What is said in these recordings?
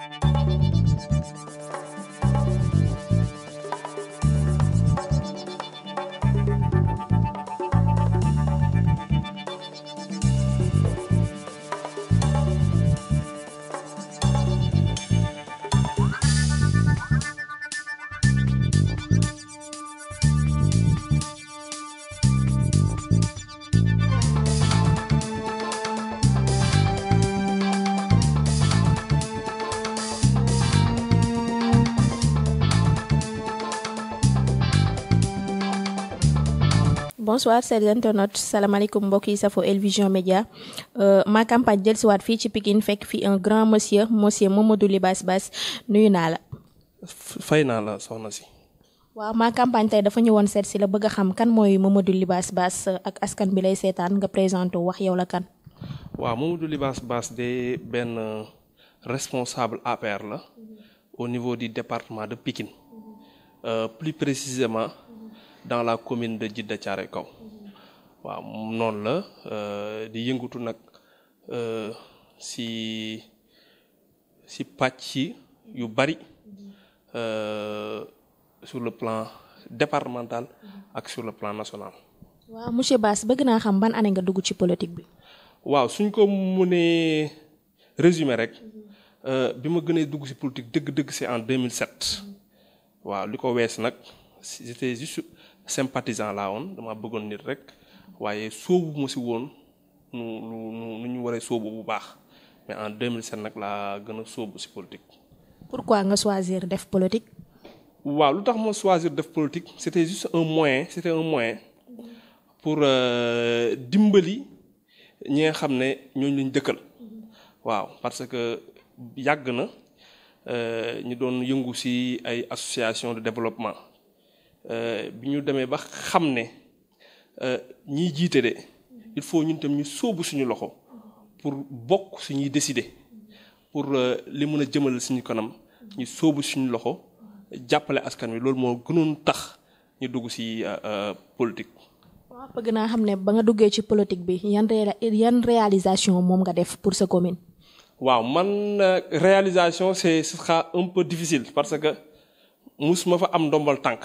フフフフフ。bonsoir chers internautes salam mbokk yi safo Elvision Media. Euh, ma campagne jël si waat ci Pikine fek fi un grand monsieur monsieur Mamadou libas Basse nuyu naa la. fayna la soxna si. waaw ma campagne tay dafa ñëwoon seet si la bëgg xam kan mooy Mamadou libas bass ak askan bi lay sétane nga présenté wax yow la kan. waaw Mamadou libas Basse de ben responsable APR la au niveau du département de Pikine euh, plus précisément. dans la commune de Djidda Thiaroye Kaw waaw noonu la euh, di yëngatu nag euh, si si pàcc yu bari euh, sur le plan départemental ak sur le plan national. waaw monsieur Bass bëgg naa xam ban année nga dugg ci politique bi. waaw suñ ko mënee résumé rek bi ma gën gënee dugg ci politique dëgg-dëgg c'est en 2007 waaw li ko wees nag c'était juste sympathisant la woon dama bëggoon nit rek waye sóobu mo si won nu nu nu ñu waré sóobu bu baax mais en 2007 nak la gëna a ci politique. pourquoi nga choisir def politique. waaw lutax mo choisir def politique c'était juste un moyen c'était un moyen pour euh, dimbali ñi nga xam ne ñooñu dëkkal. waaw parce que yàgg na euh, ñu doon yëngu ci ay association de développement. Euh, bi ñu demee ba xam ne euh, ñiy jiite de il faut ñun tam ñu sóobu suñu loxo pour bokk suñuy décider pour euh, li mën a jëmal suñu kanam ñu sóobu suñu loxo jàppale askan wi loolu moo gënoon tax ñu dugg ci politique. waaw bëgg naa xam ne ba nga duggee ci politique bi yan yan réalisation moom nga def pour sa commune. waaw man réalisation c'est ce sera un peu difficile parce que mus ma fa am ndombal tànk.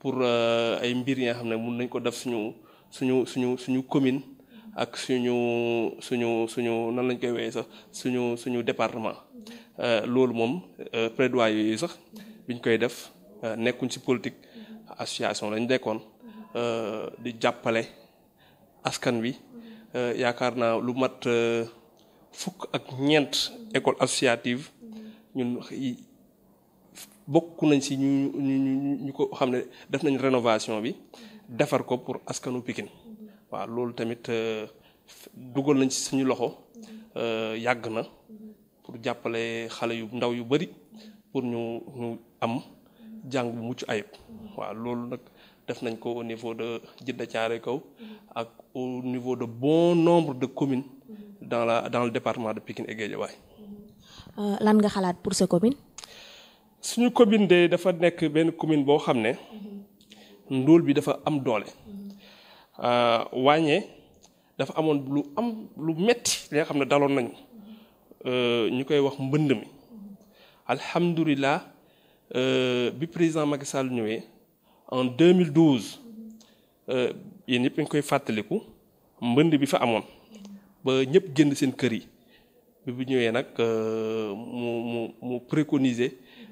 pour euh, ay mbir yi xam ne mun nañ ko def suñu suñu suñu suñu commune ak suñu suñu suñu nan lañ koy wooyee sax suñu suñu département euh, loolu moom euh, plaidoyer yooyu sax biñ koy def nekkuñ si politique association lañ dekkoon di jàppale askan wi yaakaar naa lu mat fukk ak ñeent école associative bokk nañ si ñu ñu ñu ko xam ne def nañu rénovation bi defar ko pour askanu pikin waaw loolu tamit euh, dugal nañ si suñu loxo euh, yàgg na pour jàppale xale yu ndaw yu bari pour ñu ñu am jàng bu mucc ayib waaw loolu nag def nañ ko au niveau de Djeddah Thiaroye Kaw ak au niveau de bon nombre de commune dans la dans le département de Pikine et Guédiawaye euh, lan nga xalaat pour sa commune suñu commune de dafa nekk benn commune boo xam ne ndóol bi dafa am doole euh, wàññee dafa amoon lu am lu metti li xam ne daloon nañu euh, ñu koy wax mbënd mi alhamdulilah euh, bi président Macky Sall ñëwee en 2012 yéen ñëpp ñu koy fàttaliku mbënd bi fa amoon ba ñëpp génn seen kër yi bi bu ñëwee nag mu mu mu préconiser.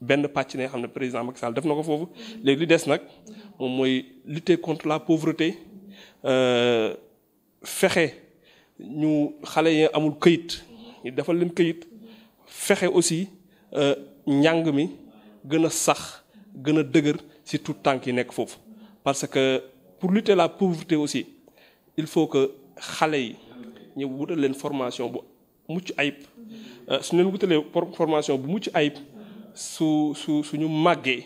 benn pàcc ne xam ne président Macky Sall def na ko foofu léegi li des nag moom mooy lutter contre la pauvreté euh, fexe ñu xale yi amul këyit ñu defal leen këyit fexe aussi euh, njàng mi gën a sax gën a dëgër si tout temps yi nekk foofu parce que pour lutter la pauvreté aussi il faut que xale yi ñu wutal leen formation bu mucc ayib euh, su ñu leen wutalee formation bu mucc ayib su su suñu màggee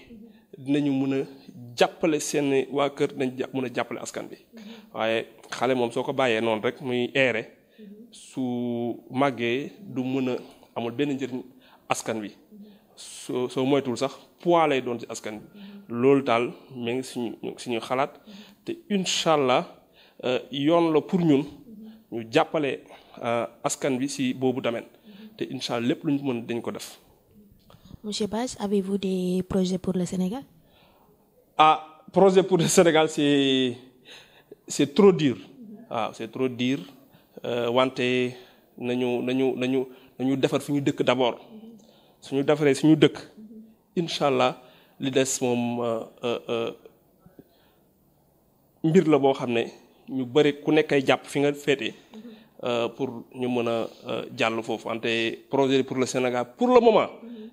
dinañu mën a jàppale seen waa kër dinañ mën a jàppale askan bi waaye xale moom soo ko bàyyee noonu rek muy eere su màggee du mën a amul benn njëriñ askan wi soo soo moytuwul sax poids doon ci askan bi loolu daal mi ngi suñu suñu xalaat te incha allah euh, yoon la pour ñun ñu jàppale euh, askan bi si boobu tamit te incha allah lépp lu ñu mën dañ ko def. Monsieur Bass, avez-vous des projets pour le Sénégal Ah, projet pour le Sénégal, c'est c'est trop dur. Ah, c'est trop dur. Euh, wante nañu nañu nañu nañu défar fi dëkk d'abord suñu défaré suñu dëkk li dess mom euh, euh euh mbir la bo xamné ñu bëri ku nekkay japp fi nga euh pour ñu mëna a euh, jàll foofu wante projet pour le Sénégal pour le moment.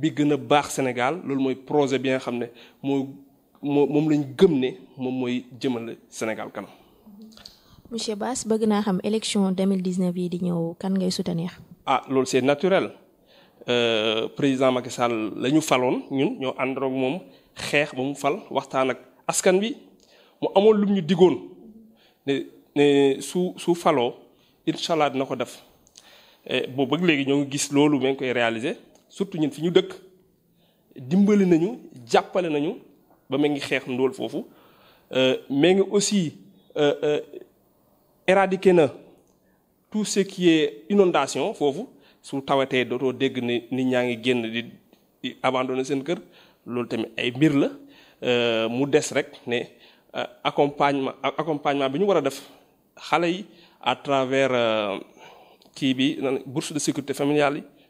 bi gën a baax Sénégal loolu mooy projet bi nga xam ne moo moo moom lañ gëm ne moom mooy jëmale Sénégal kanam. monsieur Bass bëgg naa xam élection 2019 yi di ñëw kan ngay soutenir. ah loolu c'est naturel euh, président Macky Sall la ñu faloon ñun ñoo àndoon moom xeex ba mu fal waxtaan ak askan bi mu amoon lum ñu diggoon ne ne su su faloo incha allah dina ko def boobu ba léegi ñoo ngi gis loolu ba ngi koy réaliser surtout ñun fi ñu dëkk dimbali nañu jàppale nañu ba mu ngi xeex ndóol foofu euh, mais ngi aussi euh, euh, éradiquer na tout ce qui est inondation foofu su tawatee dootoo dégg ni nit ñaa ngi génn di abandonner abandonné seen kër loolu tamit ay mbir la mu des rek ne accompagnement accompagnement bi ñu war a def xale yi à travers kii bi bourse de sécurité familiale yi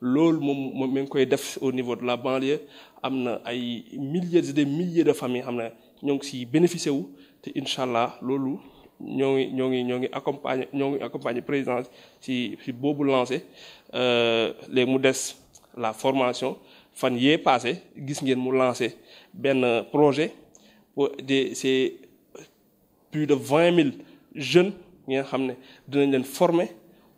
loolu moom moom mi ngi koy def au niveau de la banlieue am na ay milliers de milliers de familles xam ne ñoo ngi siy bénéficié wu te incha allah loolu ñoo ngi ñoo ngi ñoo ngi accompagner ñoo ngi accompagner présidence si si boobu lancé euh, léegi mu des la formation fan yee passé gis ngeen mu lancé benn projet pour de c'est plus de vingt mille jeunes ñi nga xam ne dinañ leen former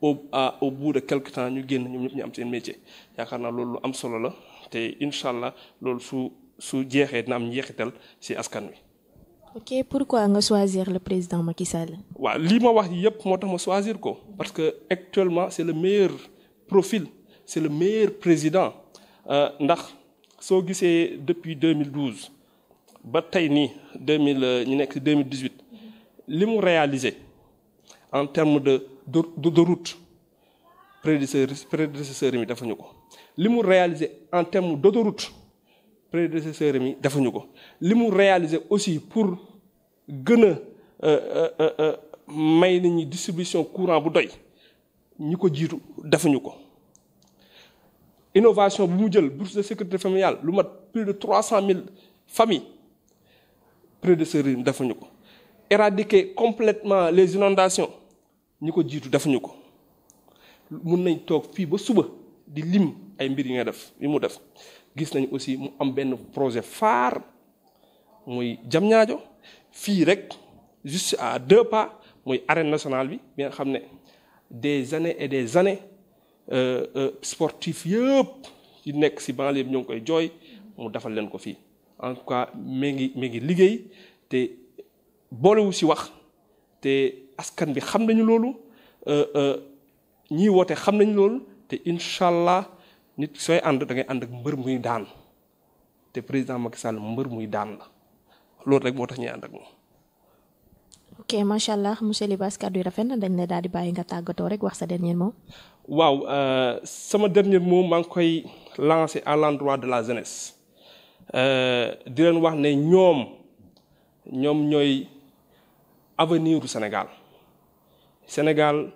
au au bout de quelques temps nous génn ñoom ñëpp ñu am seen métier yaakaar naa loolu am solo la te inshallah loolu su su jeexee dina am njeexital c'est askan ok pourquoi nga choisir le président Macky Sall. Wa lii ma wax yëpp moo ma choisir ko parce que actuellement c'est le meilleur profil c'est le meilleur président euh, ndax so gisee depuis 2012 ba tay ni 2000 ñu nekk 2018 limu réalisé en termes de de de route prédécesseur mi ko réaliser en termes d'autoroute prédécesseurs, mi defuñu ko réaliser aussi pour gagner euh, euh, euh, euh, may distribution courant bu doy ñi ko innovation bu bourse de sécurité familiale plus de 300 000 familles prédécesseurs yi éradiquer complètement les inondations ñi ko daf defuñu ko mun nañ tok fi ba suba di lim ay mbir yi nga def yi mu def gis nañ aussi mu am ben projet phare muy Diamniadio fi rek juste à deux pas muy arène nationale bi bi nga xamné des années et des années euh euh sportifs yépp yi nekk ci banlieue ñong koy joy mu dafal len ko fi en tout cas mi ngi mi ngi liggéey té bolé wu si wax té askan bi xam nañu loolu euh, euh, ñi wote xam nañu loolu te inshallah nit soy and da ngay and ak mbeur muy daan te président Macky Sall mbeur muy daan la loolu rek motax ñi and ànd ak moom ok macha allah monsieur libas kaddu yi rafet na dañ la daal di bàyyi nga tàggatoo rek wax sa dernier mot waaw euh, sama dernier mot maa ngi koy lancer à l'endroit de la jeunesse euh, di leen wax ne ñoom ñoom ñooy avenir du sénégal Le Sénégal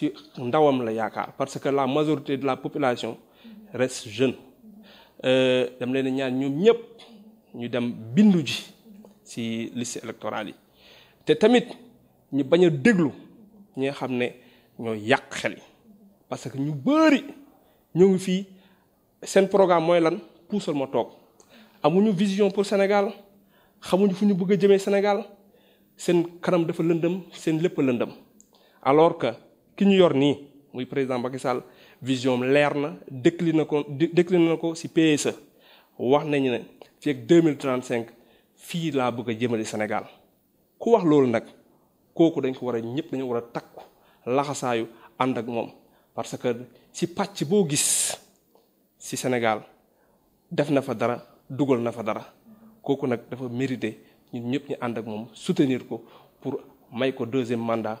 est un pays très important parce que la majorité de la population reste jeune. Nous sommes tous gens qui sont en train de se développer, c'est-à-dire des Nous sommes des gens qui sont en train de se parce que nous sommes ici, nous avons un programme pour le Sénégal. Nous avons une vision pour le Sénégal, nous avons une vision pour le Sénégal, nous avons une vision pour le Sénégal alors que ki ñu yor ni président vision si PSE wax 2035 fi la bëgg Sénégal ku wax lool nak dañ ko takku parce que si patch bo gis si Sénégal def na fa dara na fa dara koku nak dafa ñun soutenir ko pour may ko deuxième mandat